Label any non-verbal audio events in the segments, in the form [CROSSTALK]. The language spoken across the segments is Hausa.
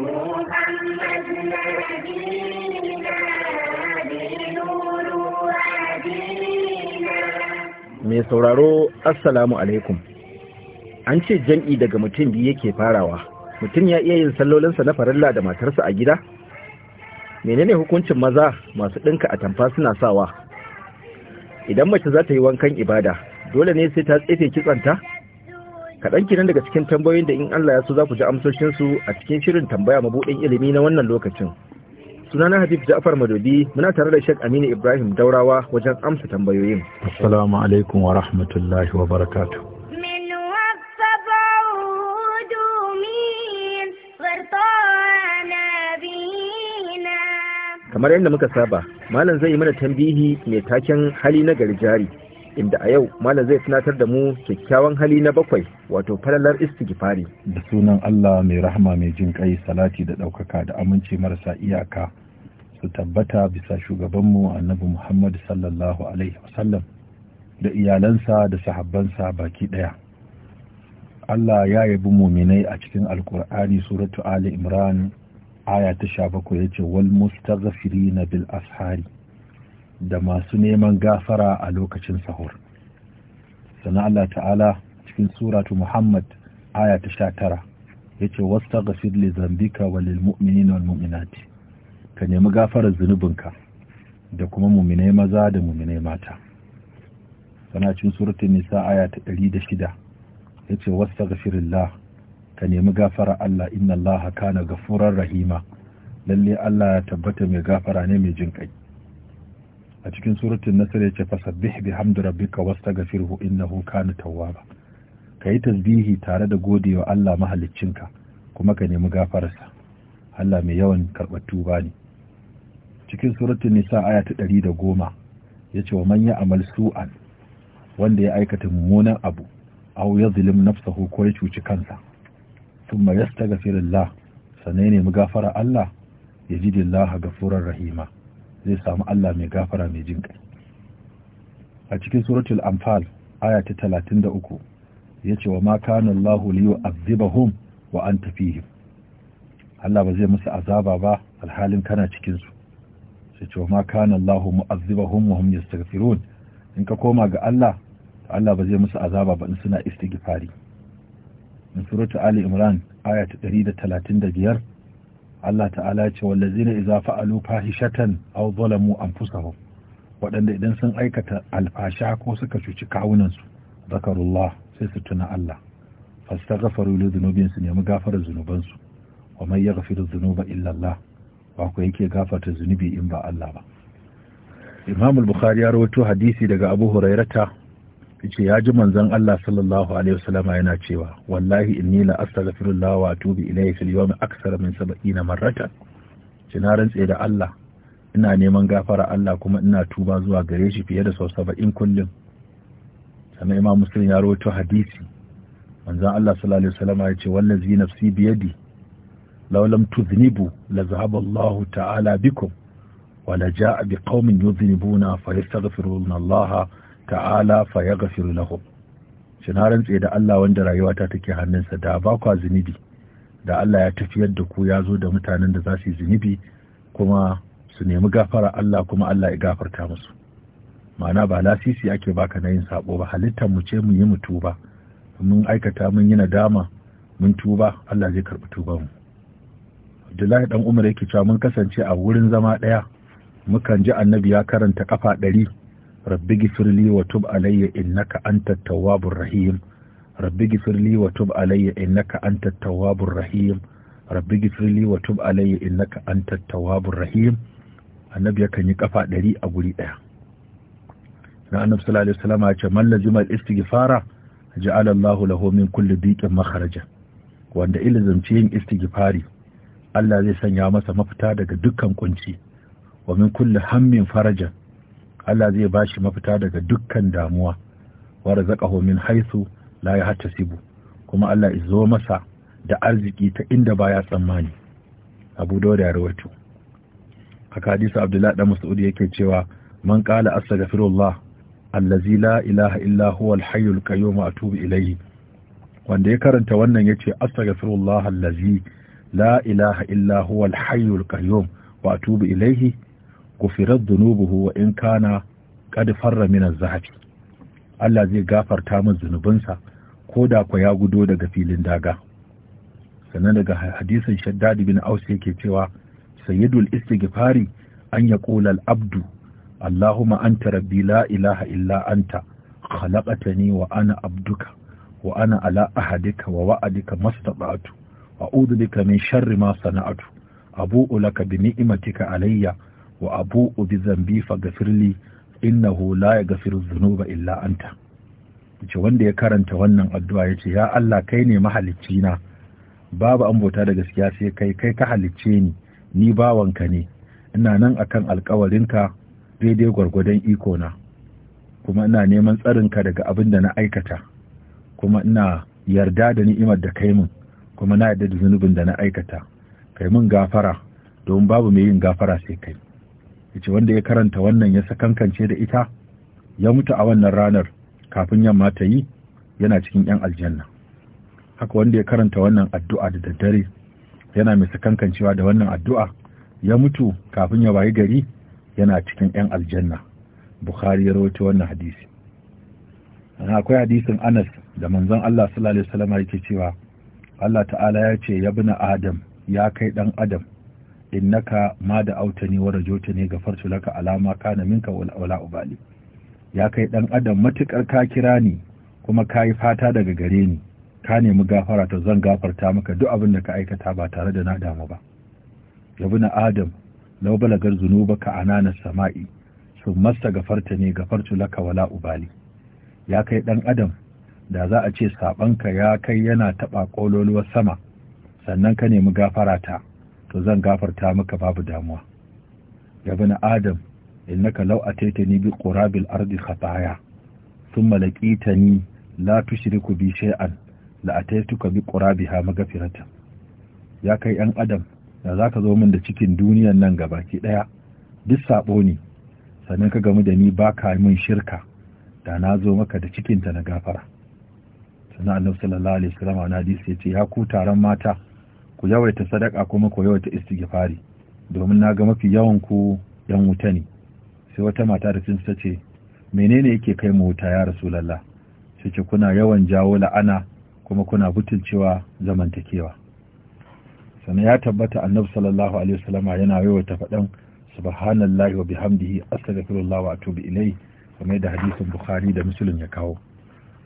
me mai sauraro assalamu alaikum an ce jam'i daga mutum biyu yake farawa mutum ya iya yin sallolinsa na farilla da matarsa a gida menene hukuncin maza masu ɗinka a tamfa suna sawa idan mace za ta yi wankan ibada dole ne sai ta tsefe kitsanta kaɗan kenan daga cikin tambayoyin da in Allah ya so za ku ji su a cikin shirin tambaya mabuɗin ilimi na wannan lokacin sunana habib ja'far madodi muna tare da sheikh aminu ibrahim daurawa wajen amsa tambayoyin assalamu alaikum wa rahmatullahi wa barakatuh kamar yadda muka saba malam zai yi mana tambihi mai taken hali na garjari. inda a yau malam zai tunatar da mu kyakkyawan hali na bakwai wato falalar istighfari da sunan Allah mai rahama mai jin kai salati da daukaka da aminci marasa iyaka su tabbata bisa mu annabi Muhammad sallallahu alaihi wasallam da iyalansa da sahabbansa baki daya Allah ya yabi muminai a cikin alkur'ani suratu ali imran aya ta 17 yace wal mustaghfirina bil ashari da masu neman gafara a lokacin sahur sana Allah ta'ala cikin suratu Muhammad aya ta sha tara ya ce wasta gafir li zambika wa lil mu'minina ka nemi gafarar zunubinka da kuma muminai maza da muminai mata sana cikin suratun nisa aya ta ɗari da shida ya ce wasta gafirillah ka nemi gafara Allah inna Allah kana gafurar rahima lalle Allah ya tabbata mai gafara ne mai jin kai a cikin ya suratul nasr yace fasabbih bihamdi rabbika wastaghfirhu innahu kana tawwaba kayi tasbihi tare da godewa Allah mahaliccinka kuma ka nemi gafararsa Allah mai yawan karɓar tuba ne cikin suratun nisa aya ta ɗari da ya yace wa man amal su'an wanda ya aikata mummunan abu aw yadhlim nafsahu ko ya cuci kansa thumma yastaghfirullah sanai ne mu gafara Allah yajidillaha gafurar rahima zai samu Allah mai gafara mai jin kai a cikin suratul anfal aya ta 33 yace wa ma kana Allahu liyu'adhibahum wa anta fihim Allah ba zai musu azaba ba alhalin kana cikin su sai ce wa ma kana Allahu mu'adhibahum wa hum yastaghfirun in ka koma ga Allah Allah ba zai musu azaba ba in suna istighfari in suratu ali imran aya ta 135 Allah ta'ala ce wallazina idza fa'alu fahishatan aw zalamu anfusahum waɗanda idan sun aikata alfasha ko suka cuci kawunansu zakarullah sai su tuna Allah fastaghfiru li dhunubin su nemi gafarar zunubansu wa man yaghfiru dhunuba illa Allah wa ku yake gafarta zunubi in ba Allah ba Imam al-Bukhari ya rawaito hadisi daga Abu Hurairata yace ya ji manzon Allah sallallahu alaihi wasallam yana cewa wallahi inni la astaghfirullah wa atubu ilayhi fil yawmi akthara min 70 marratan Cina rantse da Allah ina neman gafara Allah kuma ina tuba zuwa gare shi fiye da sau 70 kullum sannan imam muslim ya rawaito hadisi manzon Allah sallallahu alaihi wasallam yace wallazi nafsi biyadi law lam tudhnibu la zahaba Allah ta'ala bikum wa la jaa biqaumin yudhnibuna fa yastaghfiruna Allah ta'ala fa ya gafiru lahum shi na rantse da Allah wanda rayuwa ta take hannunsa da ba kwa zunubi da Allah ya tafiyar da ku ya zo da mutanen da za su yi zunubi kuma su nemi gafara Allah kuma Allah ya gafarta musu ma'ana ba lasisi ake baka na yin sabo ba halittar mu ce mu yi mu tuba mun aikata mun yi nadama mun tuba Allah zai karɓi tuba mu Abdullahi dan Umar yake cewa mun kasance a wurin zama daya mukan ji annabi ya karanta kafa ɗari rabbi gifirli wa tub alayya innaka antat tawwabur rahim rabbi gifirli wa tub alayya innaka antat tawwabur rahim rabbi gifirli wa tub alayya innaka antat tawwabur rahim annabi yakan yi kafa ɗari a guri ɗaya na annabi sallallahu alaihi wasallam ya ce man lazima al-istighfara ja'ala Allahu lahu min kulli dhiqin makharaja wanda ilzamci yin istighfari Allah zai sanya masa mafita daga dukkan kunci wa min kulli hammin Allah zai ba shi mafita daga dukkan damuwa wa razaqahu min haythu la yahtasibu kuma Allah izo masa da arziki ta inda baya tsammani Abu Dawud ya rawaito haka hadisi Abdullah dan Mas'ud yake cewa man qala astaghfirullah allazi la ilaha illa huwa al-hayyul qayyum atubu ilayhi wanda ya karanta wannan yace astaghfirullah allazi la ilaha illa huwa al-hayyul qayyum wa atubu ilayhi gufirar zunubuhu wa in kana kad farra min zahabi Allah zai gafarta min zunubinsa ko da ku ya gudo daga filin daga sannan daga hadisin shaddad bin aus yake cewa sayyidul istighfari an yaqula al-abdu Allahumma anta rabbi la ilaha illa anta khalaqtani wa ana abduka wa ana ala ahadika wa wa'adika mastata'tu a'udhu bika min sharri ma sana'tu abu'u laka bi ni'matika alayya wa abu ubi zambi fa gafirli innahu la ya gafir zunuba illa anta ce wanda ya karanta wannan addu'a ya ce ya Allah kai ne mahalicci na babu an bauta da gaskiya sai kai kai ka halicce ni ni bawanka ne ina nan akan alkawarinka daidai gwargwadon iko na kuma ina neman tsarinka daga abin da na aikata kuma ina yarda da ni'imar da kai min kuma na yarda da zunubin da na aikata kai min gafara don babu mai yin gafara sai kai yace wanda ya karanta wannan ya sakankance da ita ya mutu a wannan ranar kafin yamma ta yi yana cikin yan aljanna haka wanda ya karanta wannan addu'a da daddare yana mai sakankancewa da wannan addu'a ya mutu kafin ya bayi gari yana cikin yan aljanna bukhari ya rawaito wannan hadisi akwai hadisin anas da manzon Allah sallallahu alaihi wasallam yake cewa Allah ta'ala ya ce ya adam ya kai dan adam innaka ma da auta ne wa rajotani gafartu laka alama kana minka wala ubali ya kai dan adam matukar ka kira ni kuma ka yi fata daga gare ni ka nemi gafara ta zan gafarta maka duk abin da ka aikata ba tare da na damu ba yabuna adam law balagar zunubaka anana sama'i su masta gafarta ne gafartu laka wala ubali ya kai dan adam da za a ce sabanka ya kai yana taba kololuwar sama sannan ka nemi gafara ta to zan gafarta maka babu damuwa ya bani adam innaka law ataitani bi qurabil ardi khataya thumma laqitani la tushriku bi shay'an la ka bi qurabiha maghfiratan ya kai yan adam da zaka zo min da cikin duniyan nan ki ɗaya duk saɓo ne sannan ka gamu da ni baka min shirka da na zo maka da cikinta na gafara sannan annabi sallallahu alaihi wasallam hadisi yace ya ku taron mata ku yawaita sadaka kuma ku yawaita istighfari domin na ga mafi yawan ku yan wuta ne sai wata mata da ta ce menene yake kai mu wuta ya rasulullah sai kuna yawan jawo la'ana kuma kuna butulcewa zamantakewa sannan ya tabbata annabi sallallahu alaihi wasallama yana yawaita faɗan subhanallahi wa bihamdihi astaghfirullah wa atubu ilayhi kamar da hadisin bukhari da muslim ya kawo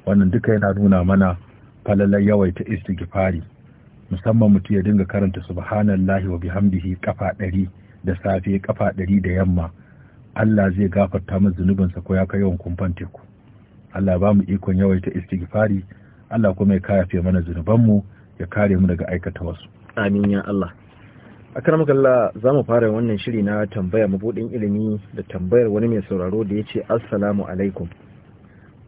wannan duka yana nuna mana falalar yawaita istighfari musamman mutum ya dinga karanta subhanallahi wa bihamdihi kafa ɗari da safe kafa ɗari da yamma Allah zai gafarta masa zunubansa ko ya kai yawan kumfan teku Allah ba mu ikon yawaita istighfari Allah kuma ya kafe mana zunubanmu ya kare mu daga aikata wasu amin ya Allah akram kalla za mu fara wannan shiri na tambaya mabudin ilimi da tambayar wani mai sauraro da ya ce assalamu alaikum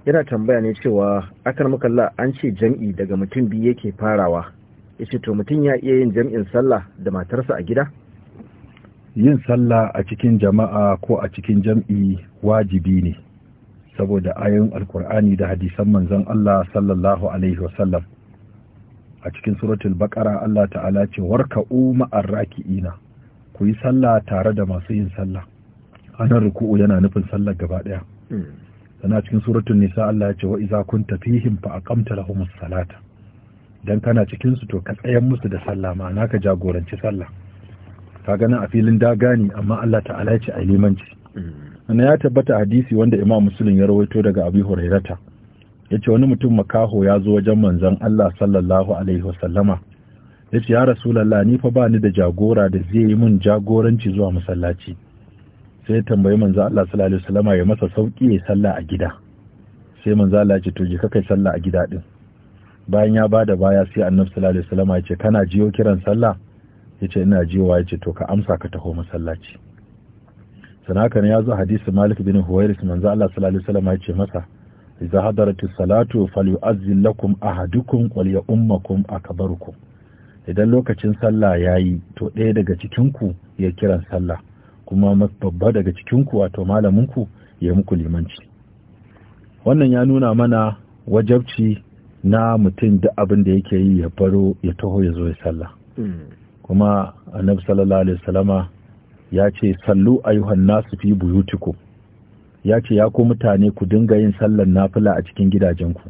yana tambaya ne cewa akram kalla an ce jami'i daga mutum biyu yake farawa yace to mutum ya iya yin jam'in sallah da matarsa a gida yin sallah a cikin jama'a ko a cikin jam'i wajibi ne saboda ayoyin alkur'ani da hadisan manzon Allah sallallahu alaihi wasallam a cikin suratul baqara Allah ta'ala ce warka umma ina ku yi sallah tare da masu yin sallah anan ruku'u yana nufin sallar gaba daya hmm. sana cikin suratul nisa Allah ya ce wa iza kunta fihim fa aqamta lahumus salata dan kana cikin su to ka tsayar musu da sallah na ka jagoranci sallah ka gana a filin daga ne amma Allah ta'ala ya ce a limanci ana ya tabbata hadisi wanda imam muslim ya rawaito daga abi hurairata ya ce wani mutum makaho ya zo wajen manzon Allah sallallahu alaihi wasallama ya ce ya rasulallah ni fa ba ni da jagora da zai yi min jagoranci zuwa masallaci sai ya tambayi manzo Allah sallallahu alaihi wasallama ya masa sauki ya sallah a gida sai manzo Allah ya ce to je ka kai sallah a gida din bayan ya ba da baya sai annabi sallallahu alaihi wasallam ya ce kana jiyo kiran sallah yace ina jiyowa yace to ka amsa ka taho masallaci kan ya zo hadisi Malik bin Huwairis manzo Allah sallallahu alaihi wasallam ya ce masa idza hadaratis salatu falyu'azzil lakum ahadukum wal ya'ummakum akbarukum idan lokacin sallah yayi to ɗaya daga cikin ku ya kiran sallah kuma babba daga cikin ku wato malamin ku ya muku limanci wannan ya nuna mana wajabci na mutum da abin da yake yi ya baro ya taho ya zo ya sallah kuma annabi sallallahu alaihi wasallama ya ce sallu ayyuhan nasu fi buyutikum ya ce ya ku mutane ku dinga yin sallar nafila a cikin gidajenku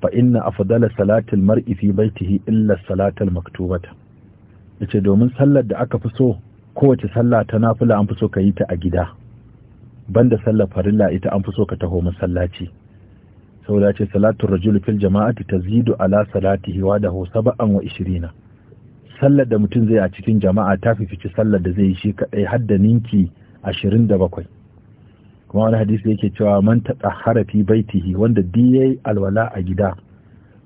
fa inna afdala salatil mar'i fi baitihi illa salatal maktubata yace domin sallar da aka fi so kowace sallah ta nafila an fi so ka yi ta a gida banda sallar farilla ita an fi so ka taho masallaci saboda ce salatu rajul fil jama'ati tazidu ala salatihi wa dahu sab'an wa ishirina sallar da mutum zai a cikin jama'a ta fifici sallar da zai yi shi kadai har da ninki 27 kuma wani hadisi yake cewa man tatahhara fi baitihi wanda di yayi alwala a gida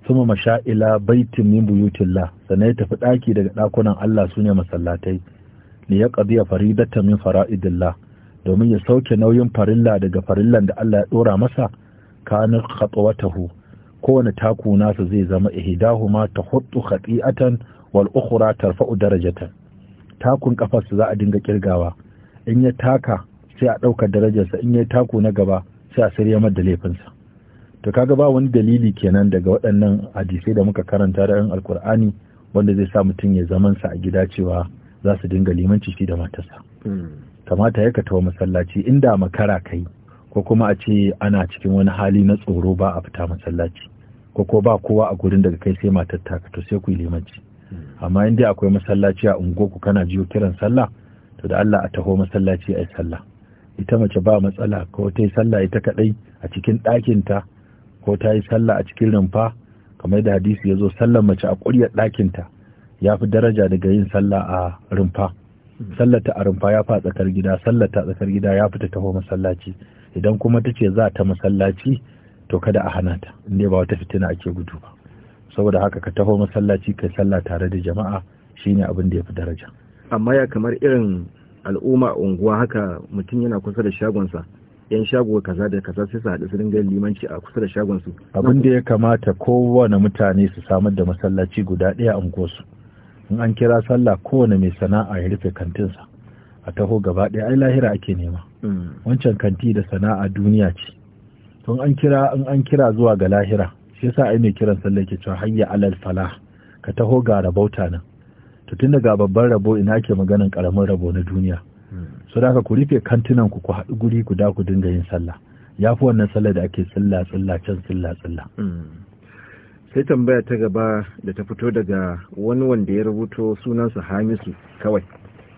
suma masha'ila baitin min buyutillah sannan ya tafi daki daga dakunan Allah sune masallatai li yaqdiya faridatan min fara'idillah domin ya sauke nauyin farilla daga farillan da Allah ya dora masa tsakanin khatwatahu kowane taku nasa zai zama ihdahuma tahuttu khati'atan wal ukhra tarfa'u darajatan takun kafarsa za a dinga kirgawa in ya taka sai a ɗaukar darajarsa in ya taku na gaba sai a sirya mar da laifinsa to kaga ba wani dalili kenan daga waɗannan hadisai da muka karanta da ɗan alkur'ani wanda zai sa mutum ya zaman sa a gida cewa za su dinga limanci shi da matarsa hmm. kamata ya katawa masallaci inda makara kai ko kuma a ce ana cikin wani hali na tsoro ba a fita masallaci ko ko ba kowa a gurin daga kai sai matar taka to sai ku yi limanci hmm. amma in dai akwai masallaci a ungoku kana jiyo kiran sallah to da Allah a taho masallaci ai sallah ita mace ba matsala ko ta yi sallah ita kadai a cikin ɗakinta ko ta yi sallah a cikin rumfa kamar da hadisi ya zo sallar mace a ƙuryar ɗakinta ya fi daraja daga yin sallah a rumfa hmm. sallata a rumfa ya fa tsakar gida sallata tsakar gida ya fi ta taho masallaci idan kuma ta ce za ta masallaci to kada a hana ta inda ba wata fitina ake gudu ba saboda haka ka taho masallaci kai sallah tare da jama'a shine abin da ya fi daraja amma ya kamar irin al'umma unguwa haka mutum yana kusa da shagonsa yan shago kaza da kaza sai su haɗu su dinga limanci a kusa da shagonsu. su abin da ya kamata kowane mutane su samar da masallaci guda ɗaya a unguwarsu in an kira sallah kowane mai sana'a ya rufe kantinsa a taho gaba ɗaya ai lahira ake nema wancan kanti da sana'a duniya ce tun an kira in an kira zuwa ga lahira shi yasa ai mai kiran sallah ke cewa hayya alal falah ka taho ga rabauta nan to tun daga babban rabo ina ke maganin karamin rabo na duniya so da ku rufe kantinan ku ku haɗu guri guda ku dinga yin sallah ya fi wannan sallah da ake tsilla tsilla can tsilla tsilla sai tambaya ta gaba da ta fito daga wani wanda ya rubuto sunansa hamisu kawai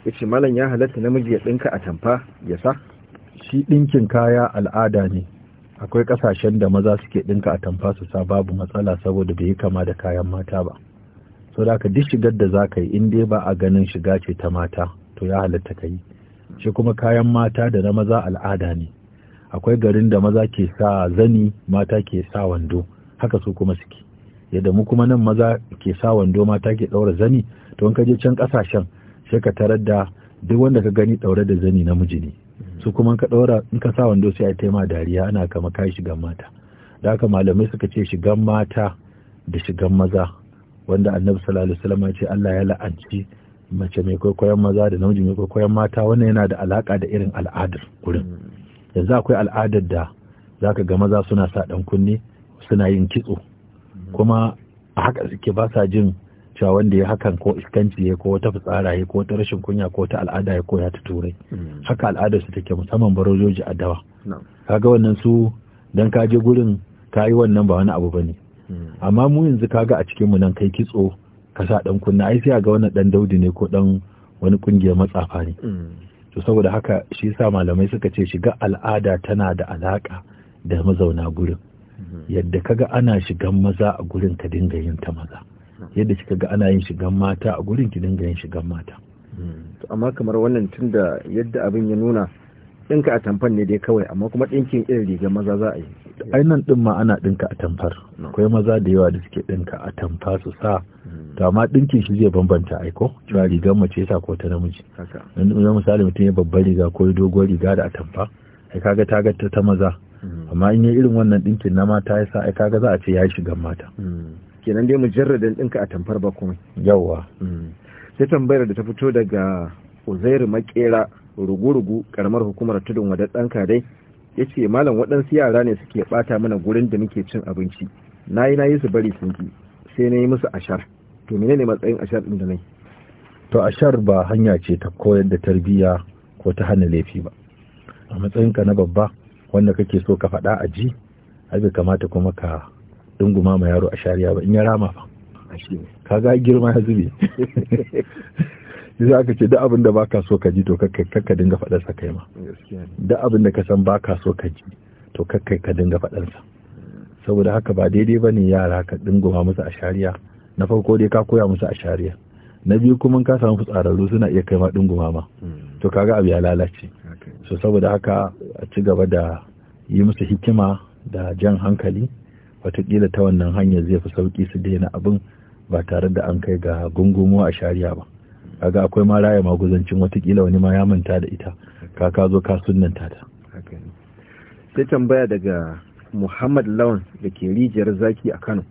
ya ce malam ya halatta namiji ya ɗinka a tamfa ya sa shi ɗinkin kaya al'ada ne akwai ƙasashen da maza suke ɗinka a tamfa su sa babu matsala saboda bai yi kama da kayan mata ba so da ka duk shigar da za ka yi in dai ba a ganin shiga ce ta mata to ya halatta ka yi shi kuma kayan mata da na maza al'ada ne akwai garin da maza ke sa zani mata ke sa wando haka su kuma suke yadda mu kuma nan maza ke sa wando mata ke ɗaura zani to in ka je can ƙasashen sai ka tarar da duk wanda ka gani ɗaure da zani namiji ne mm. su kuma ka ɗaura in ka sa wando sai a taima dariya ana kama kai shigan mata da haka malamai suka ce shigan mata da shigan maza wanda annabi sallallahu alaihi wasallam ya ce Allah ya la'anci mace mai kwaikwayon maza da namiji mai kwaikwayon mata wannan yana da alaka da irin al'adar gurin mm. yanzu akwai al'adar da zaka ga maza suna sa dan kunne suna yin kitso mm. kuma a haka suke ba sa jin cewa wanda ya hakan ko iskanci ya ko wata fitsara ya ko wata rashin kunya ko wata al'ada ya koya ta turai hmm. haka al'adar su take musamman barojoji a dawa kaga wannan su dan kaje gurin ka yi wannan ba wani abu ba ne hmm. amma mu yanzu kaga a cikin mu nan kai kitso ka sa dan kunna ai sai ga wannan dan daudi ne ko dan wani kungiyar matsafa ne hmm. to saboda haka shi yasa malamai suka ce shiga al'ada tana da alaka da mazauna gurin yadda kaga ana shigan maza a gurin ka dinga yin ta maza yadda kika ga ana yin shigan mata a gurin ki dinga yin shigan mata amma kamar wannan tun yadda abin ya nuna dinka a tamfar ne dai kawai amma kuma dinkin irin rigar maza za a yi ainihin din ma ana dinka a tamfar akwai maza da yawa da suke dinka a tamfa su sa hmm. to amma dinkin shi zai bambanta aiko hmm. cewa rigar mace sa ko ta namiji na misali mutum ya babbar riga ko doguwar riga da a tamfa ai kaga ta ga ta maza hmm. amma in yi irin wannan dinkin na mata ya sa ai kaga za a ce ya shiga mata kenan dai mujarradin ɗinka a tamfar ba kuma yawa mm. sai tambayar da ta fito daga uzairu makera rugurugu rugu karamar hukumar tudun wadatsan dai ya ce malam waɗansu yara ne suke ɓata mana gurin da muke cin abinci na yi na yi su bari sun sai na yi musu ashar to mene ne matsayin ashar ɗin da nai to ashar ba hanya ce ta koyar da tarbiyya ko ta hana laifi ba a matsayinka na babba wanda kake so ka faɗa a ji ai kamata kuma ka ɗunguma ma yaro a shariya ba in ya rama ba Ka ga girma ya zube [LAUGHS] za ka ce duk abin da baka so ka ji to kakka dinga faɗar sa kai ma duk abin da ka san baka so ka ji to kakka ka dinga faɗar sa saboda haka ba daidai ba ne yara ka dinguma musu a shariya. na farko dai ka koya musu a shariya. na biyu kuma ka samu fitsararru suna iya kai ma dinguma ma hmm. to kaga abu ya lalace so saboda haka a ci gaba da yi musu hikima da jan hankali watakila ta wannan hanyar zai fi sauki su daina abin ba tare da an kai ga gungumo a shari'a ba kaga akwai ma raya maguzancin watakila wani ma ya manta da ita ka ka zo ka ta ta sai tambaya daga muhammad lawan da ke rijiyar zaki a kano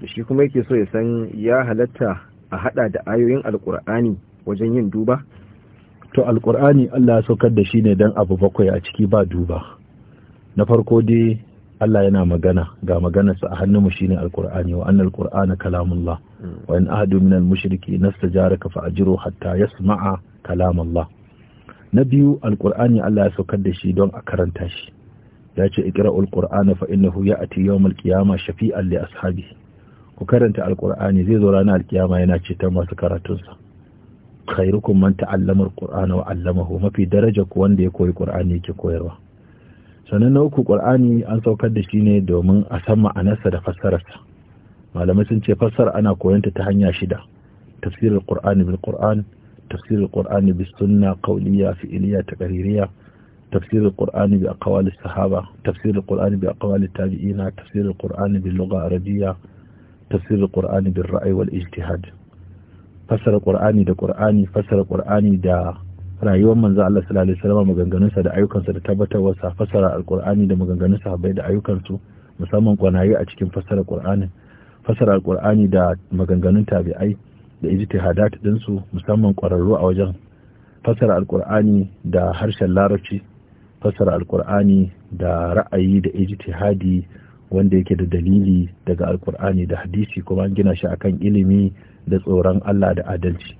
da shi kuma yake so ya san ya halatta a hada da ayoyin alkur'ani wajen yin duba to alkur'ani allah ya saukar da shi ne don abu bakwai a ciki ba duba na farko dai Allah yana magana ga maganarsa a hannunmu shine alqur'ani wa annal qur'ana kalamullah hmm. wa in ahadu minal mushriki nastajaraka fa ajiru hatta yasma'a kalamullah na biyu alqur'ani Allah ya saukar da shi don a karanta shi ya ce iqra'ul qur'ana fa innahu ya'ti yawmal qiyamah shafi'an li ashabi ku karanta alqur'ani zai zo ranar alkiyama yana ce ta masu karatunsa khairukum man ta'allama alqur'ana wa 'allamahu mafi daraja ku wanda ya koyi qur'ani yake koyarwa sannan na uku ƙur'ani an saukar da shi ne domin a san ma'anarsa da fassararsa malamai sun ce fassar ana koyanta ta hanya shida tafsirin ƙur'ani bil ƙur'an tafsirin ƙur'ani bis sunna qawliya fi'liya taqririya tafsirin ƙur'ani bi aqwali sahaba tafsirin ƙur'ani bi aqwali tabi'ina tafsirin ƙur'ani bil lugha arabiyya tafsirin ƙur'ani bil ra'yi wal ijtihad fassara ƙur'ani da ƙur'ani fassara ƙur'ani da rayuwar manzo Allah sallallahu alaihi wasallam maganganunsa da ayyukansa da tabbatarwarsa fasara alqur'ani da maganganunsa bai da ayyukansu musamman kwanayi a cikin fasara qur'anin fasara alqur'ani da maganganun tabi'ai da ijtihadat dinsu musamman kwararru a wajen fasara alqur'ani da harshen larabci fasara alqur'ani da ra'ayi da ijtihadi wanda yake da dalili daga alqur'ani da hadisi kuma an gina shi akan ilimi da tsoron Allah da adalci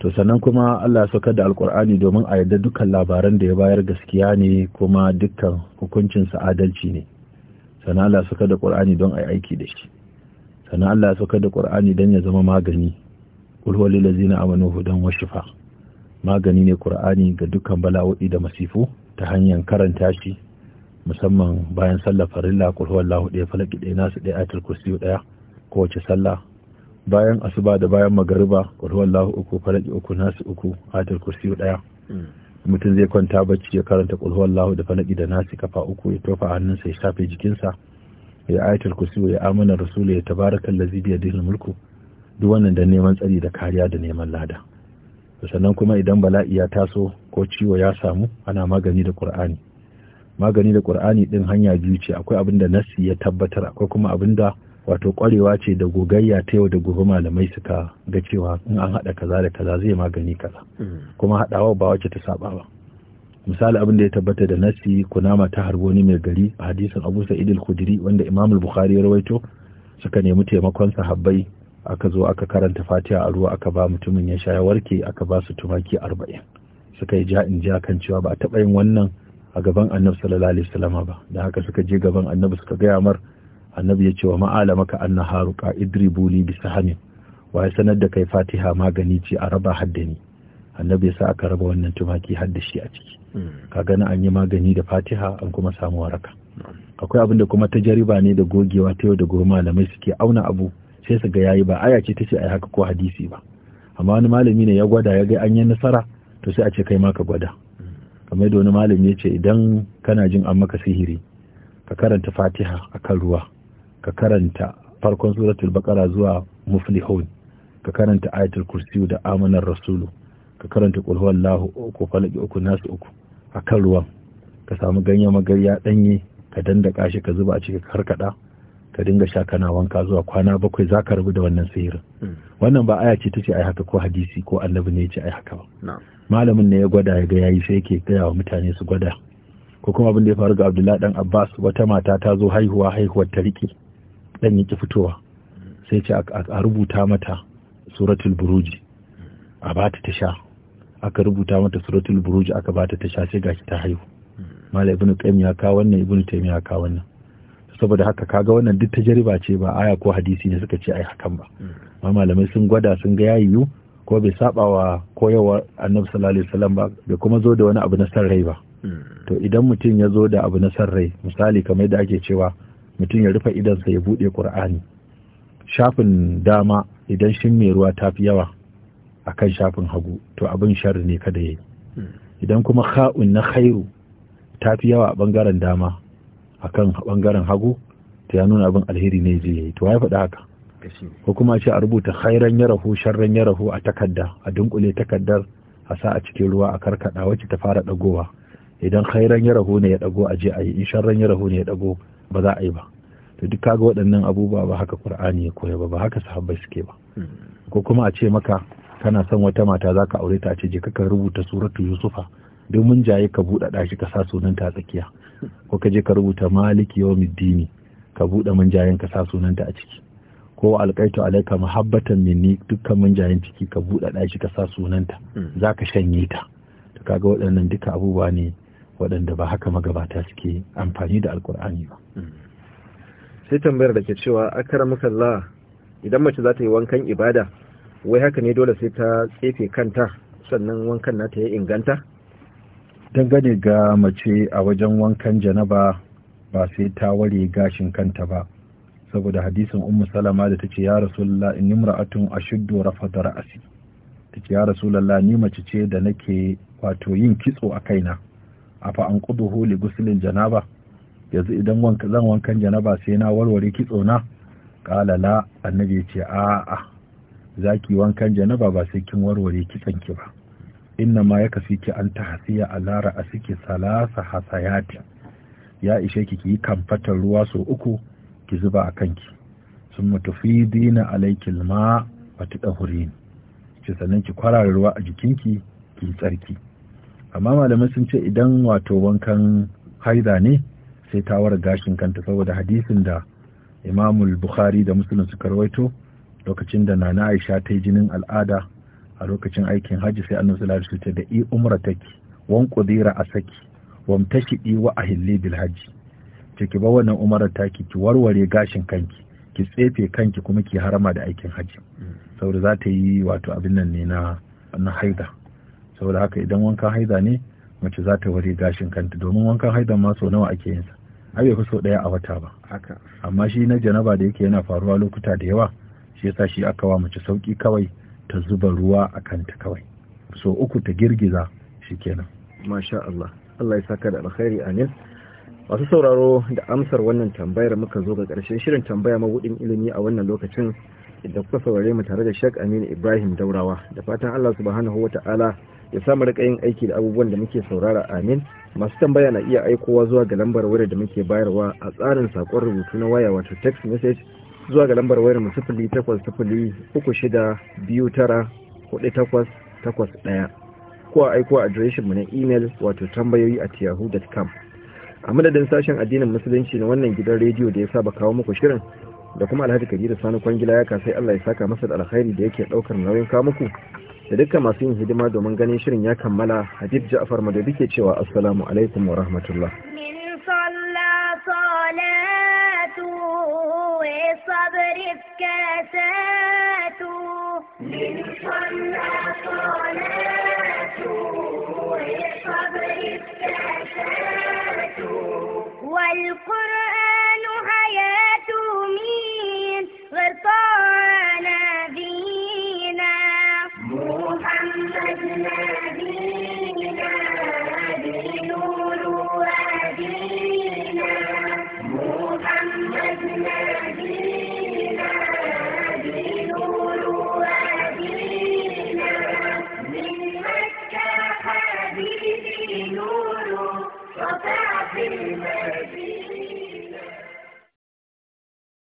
to sannan kuma Allah saukar da alkur'ani domin a yarda dukkan labaran da ya bayar gaskiya ne kuma dukkan hukuncinsa adalci ne sannan Allah saukar da ƙur'ani don a yi aiki da shi sannan Allah saukar da ƙur'ani don ya zama magani ulwali ladzina amanu hudan wa shifa magani ne ƙur'ani ga dukkan bala'o'i da masifu ta hanyar karanta shi musamman bayan sallar farilla kul huwallahu ɗaya falaki ɗaya nasu ɗaya ayatul kursi ɗaya kowace sallah bayan asuba da bayan magariba wallahu uku falaki uku nasu uku ayatul kursi daya mutum zai kwanta bacci ya karanta wallahu da falaki da nasu kafa uku ya tofa hannunsa ya shafe jikinsa ya ayatul kursi ya amana rasulu ya tabarakal ladzi bi yadihil mulku duk wannan da neman tsari da kariya da neman lada sannan kuma idan bala'i ya taso ko ciwo ya samu ana magani da qur'ani magani da ƙur'ani ɗin hanya biyu ce akwai abin da nasi ya tabbatar akwai kuma abin da wato kwarewa ce da gogayya ta yau da gobe malamai suka ga cewa in an haɗa kaza da kaza zai magani kaza kuma haɗawa ba wacce ta saba ba misali abin da ya tabbata da nasi kunama ta harbo ni mai gari a hadisin abu sa'id al-khudri wanda imamul al-bukhari ya rawaito suka nemi taimakon sahabbai aka zo aka karanta fatiha a ruwa aka ba mutumin ya sha ya warke aka ba su tumaki arba'in suka yi ja'in ja kan cewa ba a taɓa yin wannan a gaban annabi sallallahu alaihi wasallam ba da haka suka je gaban annabi suka gaya mar annabi ya ce wa ma'alamaka haruka idribuli bisa hannun wa ya sanar da kai fatiha magani ce a raba haddani annabi ya sa aka raba wannan tumaki shi a ciki hmm. ka gani an yi magani da fatiha an kuma samu waraka hmm. akwai abin da kuma ta jariba ne da gogewa ta yau da gobe malamai suke auna abu sai su ga yayi ba aya ce a yi haka ko hadisi ba amma wani malami ne ya gwada ya ga an yi nasara to sai a ce kai ma ka gwada hmm. kamar yadda wani malami ya ce idan kana jin an maka sihiri ka karanta fatiha akan ruwa ka karanta farkon suratul baqara zuwa muflihun ka karanta ayatul Kursiu da amanar rasulu ka karanta qul huwallahu ko falaki uku nasu uku akan ruwan ka samu ganye magarya danye ka danda kashi ka zuba a cikin karkada ka dinga sha kana wanka zuwa kwana bakwai za ka rabu da wannan sihirin hmm. wannan ba aya ce ta ce ai haka ko hadisi ko annabi ne ya ce ai haka ba malamin ne ya gwada ya ga yayi sai yake gaya wa mutane su gwada ko kuma abin da ya faru ga abdullahi dan abbas wata mata ta zo haihuwa haihuwar ta rike dan yake fitowa sai ce a rubuta mata suratul buruji a bata ta sha aka rubuta mata suratul buruji aka bata ta sha sai gashi ta haihu mala ibnu qayyim ya ka wannan ibnu taymiya ka wannan saboda haka kaga wannan duk tajriba ce ba aya ko hadisi ne suka ce ai hakan ba amma malamai sun gwada sun ga yayiyu ko bai saba wa koyarwa annabi sallallahu alaihi wasallam ba bai kuma zo da wani abu na san rai ba hmm. to idan mutum ya zo da abu na san rai misali kamar yadda ake cewa mutum ya rufe idansa ya buɗe ƙur'ani shafin dama idan shin mai ruwa ta fi yawa a kan shafin hagu to abin sharri ne kada ya yi idan kuma ka'un na khairu ta fi yawa a ɓangaren dama a kan ɓangaren hagu to ya nuna abin alheri ne zai yi to ya faɗa haka ko kuma ce a rubuta khairan ya rahu sharran ya rahu a takarda a dunkule takardar a sa a cikin ruwa a karkada wacce ta fara ɗagowa. idan khairan ya raho ne ya dago a je a yi in sharran ya raho ne ya dago ba za a yi ba to duk kaga waɗannan abubuwa ba haka qur'ani ya koya ba ba haka sahabbai suke ba ko kuma a ce maka kana son wata mata zaka aure ta a ce je ka rubuta suratu yusufa mun jaye ka buɗe ɗaki ka sa sunan ta tsakiya ko ka je ka rubuta maliki yawmiddin ka buɗe manjayen ka sa sunan ta a ciki ko alƙaitu alaika mahabbatan minni dukkan manjayen ciki ka buɗe ɗaki ka sa sunanta hmm. zaka shanye ta to kaga waɗannan duka abubuwa ne waɗanda ba haka magabata suke amfani da alkur'ani ba sai tambayar da ke cewa akramakallah idan mace za ta yi wankan ibada wai haka ne dole sai ta tsefe kanta sannan wankan nata ya inganta dangane ga mace a wajen wankan janaba ba sai ta ware gashin kanta ba saboda hadisin ummu salama da ta ce ya rasulullah inni imra'atun ashuddu rafata ta ce ya rasulullah ni mace ce da nake wato yin kitso a kaina afa an kudu li guslil janaba yanzu idan wanka zan wankan janaba sai na warware kitso na la annabi ya ce a a zaki wankan janaba ba sai kin warware kitson ki ba inna ma yakasi ki an tahsiya ala ra'asiki salasa hasayati ya ishe ki ki kamfatar ruwa so uku ki zuba a kanki sun matufi dina alaikil ma wata ɗahurin ki sannan ki kwarara ruwa a jikinki ki tsarki amma malamai sun ce idan wato wankan haida ne sai ta wara gashin kanta saboda hadisin da imamul bukhari da muslim suka rawaito lokacin da nana aisha ta yi jinin al'ada a lokacin aikin hajji sai annabi sallallahu alaihi wasallam da i umra take wan qudira asaki wam tashidi wa ahli bil hajji ce ba wannan ta taki ki warware gashin kanki ki tsefe kanki kuma ki harama da aikin hajji mm. saboda za ta yi wato abin nan ne na na haida saboda haka idan wankan haida ne mace za ta wari gashin kanta domin wankan haida ma sau nawa ake yin sa ai bai fi daya a wata ba amma shi na janaba da yake yana faruwa lokuta da yawa shi yasa shi aka wa mace sauki kawai ta zuba ruwa a kanta kawai so uku ta girgiza shikenan masha Allah Allah ya saka da alkhairi amin wasu sauraro da amsar wannan tambayar muka zo ga karshen shirin tambaya mabudin ilimi a wannan lokacin idan kuka saurare mu tare da Sheikh Aminu Ibrahim Daurawa da fatan Allah subhanahu wata'ala ya samu rika yin aiki da abubuwan da muke saurara amin masu tambaya na iya aikowa zuwa ga lambar wayar da muke bayarwa a tsarin sakon rubutu na waya wato text message zuwa ga lambar wayar mu sifili ko a aiko adireshin mu na imel wato tambayoyi at yahoo.com a madadin sashen addinin musulunci na wannan gidan rediyo da ya saba kawo muku shirin da kuma alhaji kabiru sani kwangila ya kasai allah ya saka masa da alkhairi da yake daukar nauyin kawo muku da duka masu yin hidima domin ganin shirin ya kammala hadith ja'far madadi ke cewa assalamu alaikum wa rahmatullah صبرك كاسات